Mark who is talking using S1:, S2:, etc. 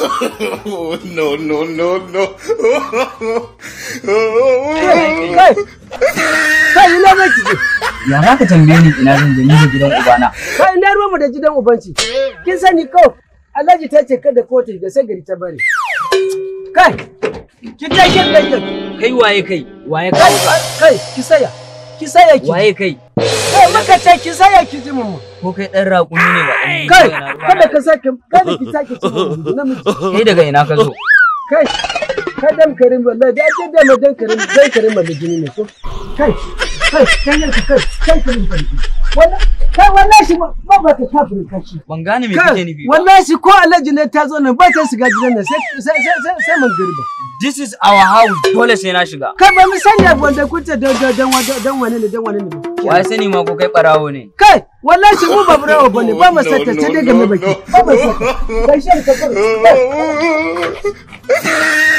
S1: no, no, no, no. Kai, kai, ina zai ki Ya za ka tambaye ni ina zan je ni gidan ubana. Kai, ina ruwanmu da gidan ubanci. Kin sani ko Alhaji ta ce kada ko ta shiga sai gari ta bari. Kai, ki ta kin da Kai waye kai? Waye kai? Kai, ki saya. Ki saya ki. Waye kai? sai muka ce ki saya ki ji mu ko kai dan raƙumi ne ba kai kada ka sake kada ki sake ci namiji kai daga ina ka zo kai ka dan karim wallahi da ake da dan karim dan karim ba jini ne so kai kai kai kai kai kai karim ba wallahi kai wallahi shi ba ba ka kafin kashi ban gane me kake nufi wallahi shi ko alaji ne ta zo nan ba ta shiga gidan nan sai sai sai sai man girba this is our house dole sai na shiga kai ba mu sanya wanda kuce dan dan dan wani ne dan wani ne Wai sani ma ko kai barawo ne. Kai, wallahi mu ba barawo bane, ba mu sata sai dai game baki. Ba mu sata. Kai shi ka